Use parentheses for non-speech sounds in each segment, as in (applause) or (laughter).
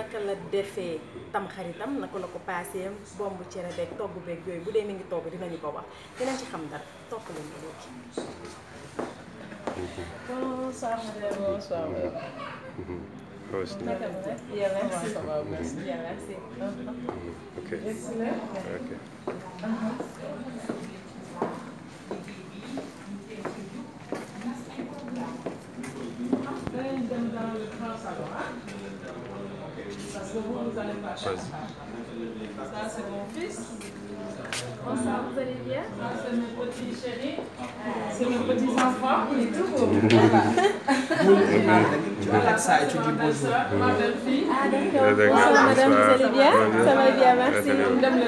naka la defee tam xaritam naka la ko passé bombu ci rebe togu be yooyu budé mi ngi togu dinañu ko wax dinañ ci xam dara top lu ko léegi. bonsoir madame bonsoir. Ça, c'est mon fils. Bonsoir, vous allez bien c'est mon petit chéri. C'est mon petit enfant. Il est tout beau. Tu vas ça et tu dis bonjour. Ma belle-fille. Ah, d'accord. Bonsoir, madame, vous allez bien Ça va bien, merci. Madame,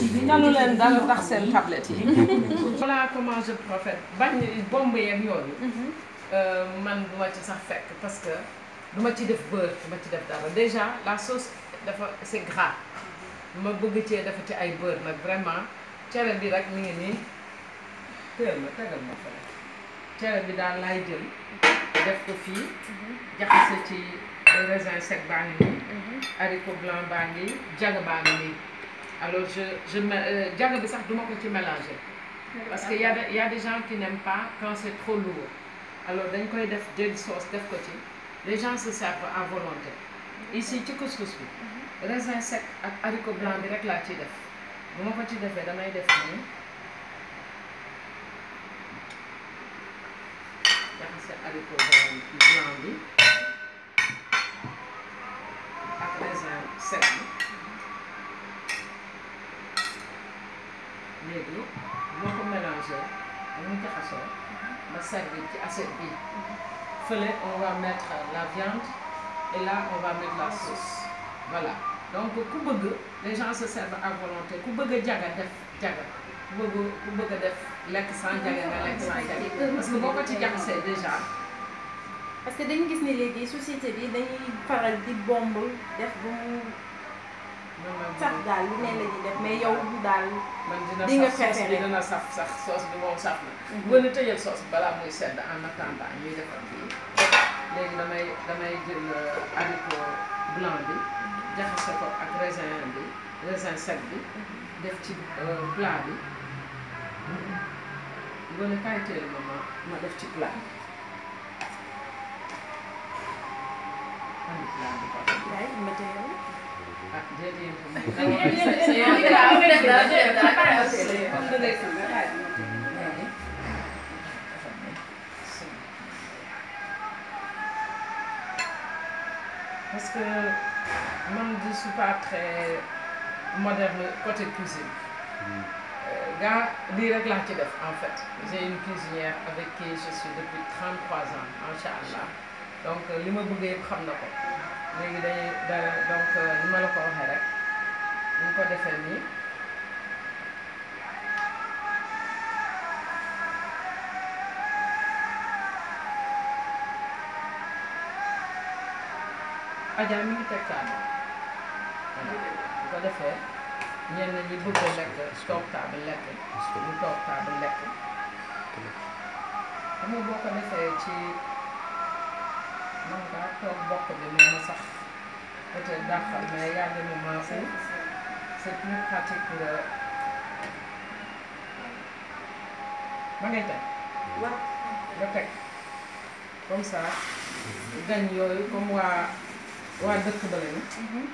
le tanu leen dal ndax seen tablette yi. voilà comment je prophète bañ bomb yeeg yooyu. Euh, man duma ci sax fait parce que beurre duma ci déjà la sauce c'est gras mhm. bëgg dafa beurre vraiment bi rek ma ma fa bi jël alors je je me euh, bi sax mélanger parce que y a y a des gens qui n'aiment pas quand c'est trop lourd alors dañ koy def jël sauce def ko ci les gens se servent à volonté ici ci couscous bi mhm. raisin sec ak haricot blanc bi rek laa ciy def bu ma ko ci defee damay def nii jaxase haricot blanc bi ak raisin sec bi mhm. léegi boo ko mélanger mu jaxasoo ma servir ci assiette bi fële on va mettre la viande et là on va mettre la sauce voilà donc ku bëgg les gens se servent à volonté ku bëgg a def jaga ku bëgg def lekk sans jaga nga lekk sans jaga parce que boo ci jaxasee déjà parce que dañu gis ne léegi société bi dañuy faral di bomb def ba mu saf daal lu ne la ñuy def mais yow daal. di nga préféré man dina saf sax soos bi moom saf na. Mhm. wala tëjal soos bi balaa muy sedd en attendant ñuy defar bii. léegi damay damay jël euh, haricot blanc bi mhm. jaxase ko ak raisin bi raisin sec bi mhm. def ci euh, plat bi wala kaay teel ma ma def ci plat bi. am plat bi Je vais vous dire. Je vais vous dire. Je vais vous dire. Je vais vous dire. Je vais vous dire. Je ne suis pas très moderne côté cuisine. Je vais vous dire. En fait, j'ai une cuisinière avec qui je suis depuis 33 ans en Donc, je vais vous dire. léegi dañuy da donc ni ma la ko waxee rek ñu ko defee nii Adja mi ngi teg table bu ko defee ñenn ñi bëgg a lekk toog table lekk ñu toog table lekk xam nga boo ko defee ci man kaa toog bokk bi noonu sax peut-être dàqal yàgg na maase c'est plus pratique nga ma teg comme ça gañ yooyu comme waa waa dëkk ba lañu mhm.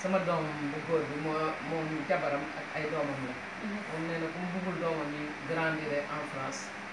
sama doom bu góor bi moo moom jabaram ak ay doomam la mhm. moom nee na mu bëggul doomam yi grandir en France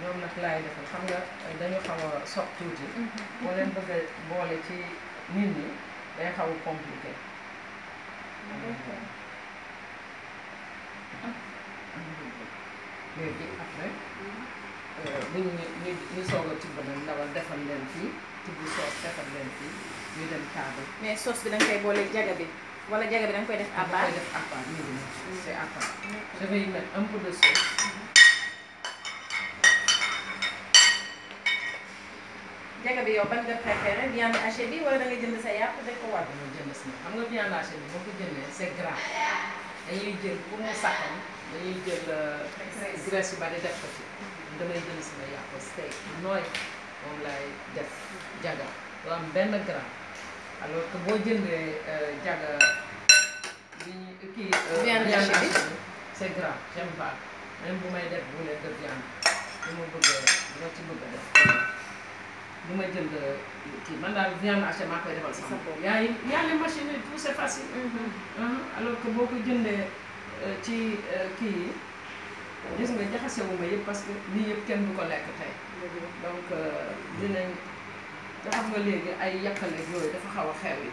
ñoom nag laay defal xam nga dañu xaw a soq tuuti. moo mm-hmm. leen bëgg boole ci nit ñi day xaw a compliqué. Ah. léegi après euh, bu ñu ñu ñu soog a tibb nag ndawal defal leen fii tibb soos defal leen fii ñu dem table. mais soos bi da nga koy boole jaga bi wala jaga bi da nga koy def à part. da nga koy def à part nii nii c'est à part. dafay mm-hmm. mettre un peu de sauce. bi yow ban nga préféré viande bi wala da nga jënd sa yàpp def ko wàll. dama jënd si xam nga viande hachée bi boo dañuy jël pour mu sakkan dañuy jël graisse yu bari def ko ci. damay nooy moom laay def jaga du am benn gramme alors que boo jëndee jaga bi kii. viande hachée bi c'est gras j'aime pas même bu may def bu leen bi ma bëgg dama bëgg def. li ma jënd euh, kii man daal viande haché maa koy defal sama bopp yaa ngi yaa ngi machine yi tout c'est facile mhm. Mhm. alors que boo ko jëndee euh, ci euh, kii yi gis nga jaxasewuma yëpp parce que lii yëpp kenn du ko lekk tey donc dinañ te léegi ay yàqale dafa xaw a xew yi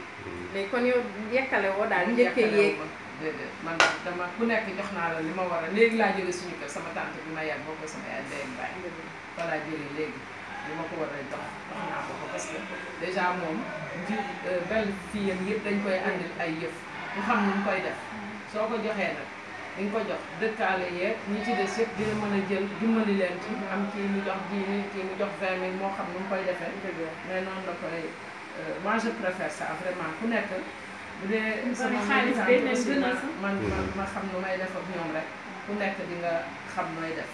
léegi kon yow yàqale woo daal njëkkee yéeg déedéet man dama ku nekk jox naa la li ma war a léegi laa jëlee suñu kër sama tante bi ma yàgg boo ko sama yaay ndey ak baay laa jëlee léegi li ma ko war a jox parce que dèjà moom ji euh, belle fille am yëpp dañ koy andil ay yëf nga xam nu mu koy def soo ko joxee nag di nga ko jox dëkkaale yeeg ñi ci des yëpp dina mën a jël dimbali leen ci am kii mu jox dix mille kii mu jox vingt moo xam nu mu koy defee mais noonu la koy euh, moi je préfère ça vraiment ku nekk bu dee sama militant aussi ma man mm-hmm. ma xam nu may def ak ñoom rek ku nekk di nga xam nooy def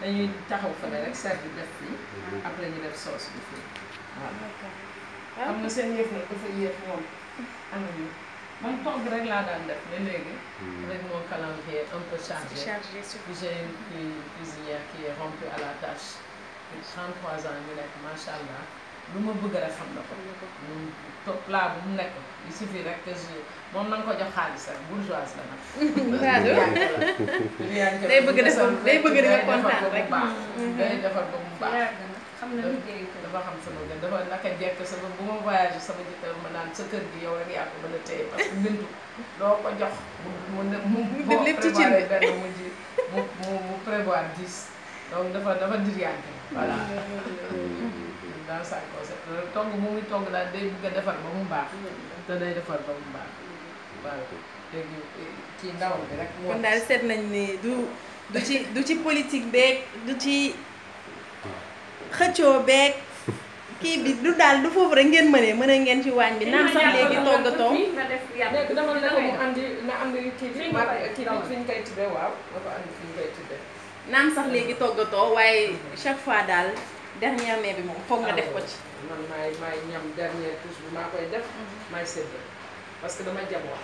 dañuy taxaw fële rek servir def fii mhm. après ñu def sauce bi fii waaw xam nga ah. seen yëf nag dafa yéex moom am na man togg rek laa daan def mais léegi rek mhm. mon calendrier un peu chargé j'ai une cuisinière qui est rompue à la tâche 33 ans ñu nekk macha allah lu ma bëgg rek xam na ko top plat bu mu nekk il suffit rek que je moom na nga ko jox xaalis rek bourgeoise la nag Dado (laughs) day bëgg defar day bëgg di nga kontaan rek mm-hmm. day defar ba mu baax xam na liggéey dafa xam sama gën dafa naka jekk sama bu ma voyagé sama jëkkër ma naan sa kër gi yow rek yaa ko mën a téye parce que bintu doo ko jox mu mu def lépp ci cin benn mu ji mu mu prévoir dix donc dafa dafa diriyante voilà mm-hmm. dans sa recette togg bu muy togg daal day bëgg a defar ba mu baax te day defar ba mu baax waaw léegi ndaw bi rek kon daal seet nañ ni du du ci du ci politique beeg du ci xëccoo beeg kii bi du daal du foofu rek ngeen mënee mën a ngeen ci waañ bi naan sax léegi toggatoo léegi na am kii bi ma kii bi fi ñu koy tuddee waaw na ko andi fi ñu koy sax léegi toggatoo waaye chaque fois daal dernière mai bi moo foog nga def ko ci. Ah man maay maay ñam dernière touche bi maa koy def. Mhm. maay sédd parce que dama jaboo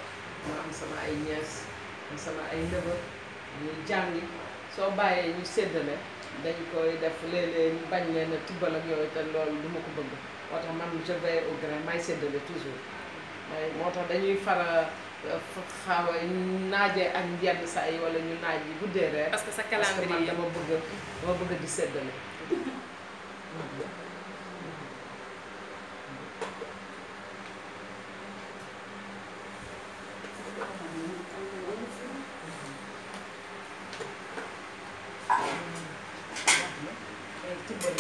ma am sama ay ñees am sama ay neveu ñuy jàngi soo bàyyee ñu séddale dañ koy def léeg-léeg ñu bañ leen a tibbal ak te loolu du ma ko bëgg moo tax man je veille au grain maay séddale toujours mooy moo tax dañuy fara euh, xaw a naajee ak yenn saa yi wala ñu naaj yi guddee reer. parce que sa calendrier parce que man dama bëgg dama bëgg di séddale. carottes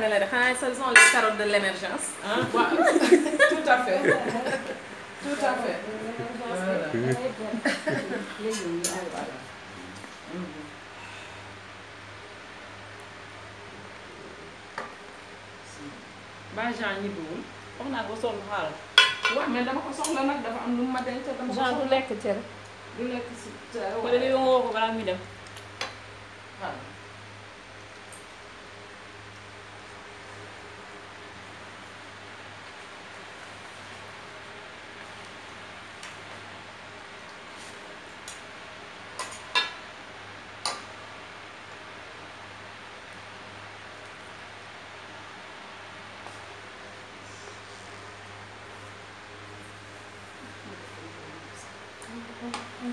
la les carottes de l'émergence hein tout à fait tout à fait Bah, wax naa ko sonn xaaral. waaw mais dama ko soxla nag dafa am lu ma denc dama ko soxla du lekk cere. du lekk si cere waaw. wala yow woo ko balaa muy dem うん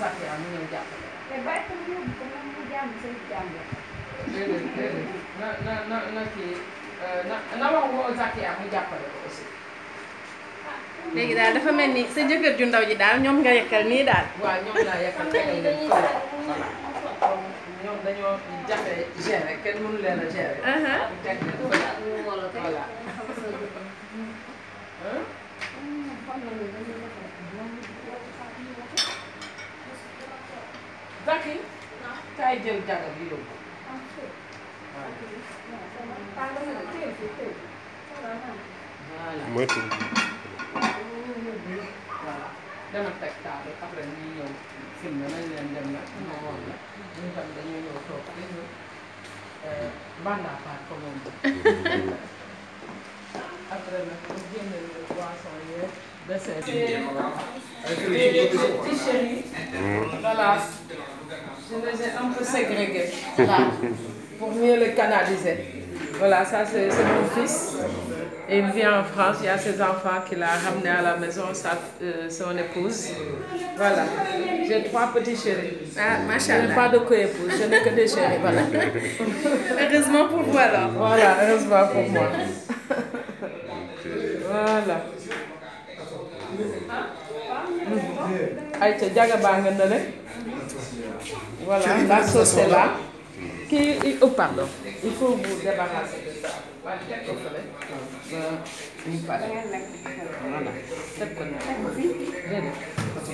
Sakira mu ñëw jàppale. mais bàyyi ko mu yóbbu ko moom mu jàng seen jàng. déedéet na dafa mel ni sa jëkkër ju ndaw ji daal ñoom nga yekkal nii daal. ñoom laa yekkal keneen leen ñoom dañoo jafe gérer kenn mënu leen a gérer. Zaki, ta yi jin daga biyu. Muito. Da ma tagta da kabrin ni yau fin da nan nan da na kuma wannan. Mun san da yau ban na fa ko mun. Après na ko bien le poisson hier. Da c'est. Ti chéri. Je les ai un peu ségrégés, là, pour mieux les canaliser. Voilà, ça c'est mon fils. Il vit en France, il y a ses enfants qu'il a ramenés à la maison, sa, euh, son épouse. Voilà, j'ai trois petits chéris. Ah, machin. Je n'ai pas de co-épouse, je n'ai que des chéris, voilà. (laughs) heureusement pour vous alors. Voilà, heureusement pour moi. voilà. Aïcha, Diaga Bangan, voilà, la sauce est là. oh pardon, il faut vous débarrasser de ça.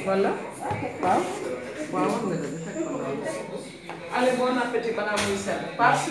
Voilà. Euh, Allez, bon appétit, madame Merci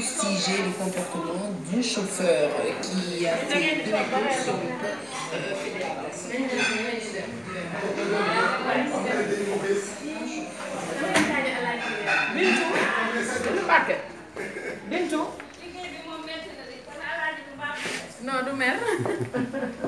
j'ai le comportement du chauffeur qui a fait la sur le Bintou ah, non du mer (laughs)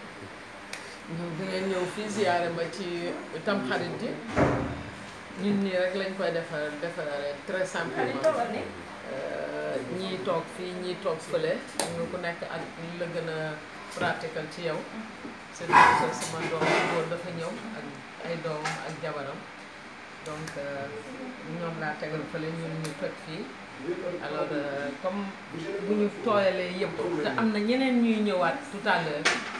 di ngeen ñëw fii ziyaare ma ci tamxarit ji ñun nii rek lañ koy defar defaree très simplement euh, ñii toog fii ñii toog fële ñu ku nekk ak la gën a pratical ci yow seen sama doom góor dafa ñëw ak ay doomam ak jabaram donc euh, ñoom laa tegal fële ñun ñu toj fii alors euh, comme bu ñu tooyalee yëpp te am na ñeneen ñuy ñëwaat su à l'heure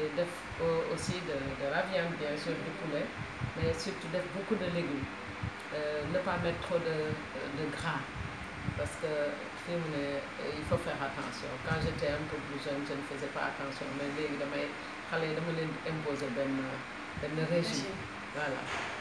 et aussi de, la viande bien sûr du poulet mais surtout de beaucoup de légumes euh, ne pas mettre trop de, gras parce que il faut faire attention quand j'étais un peu plus jeune je ne faisais pas attention mais les damay je les régime voilà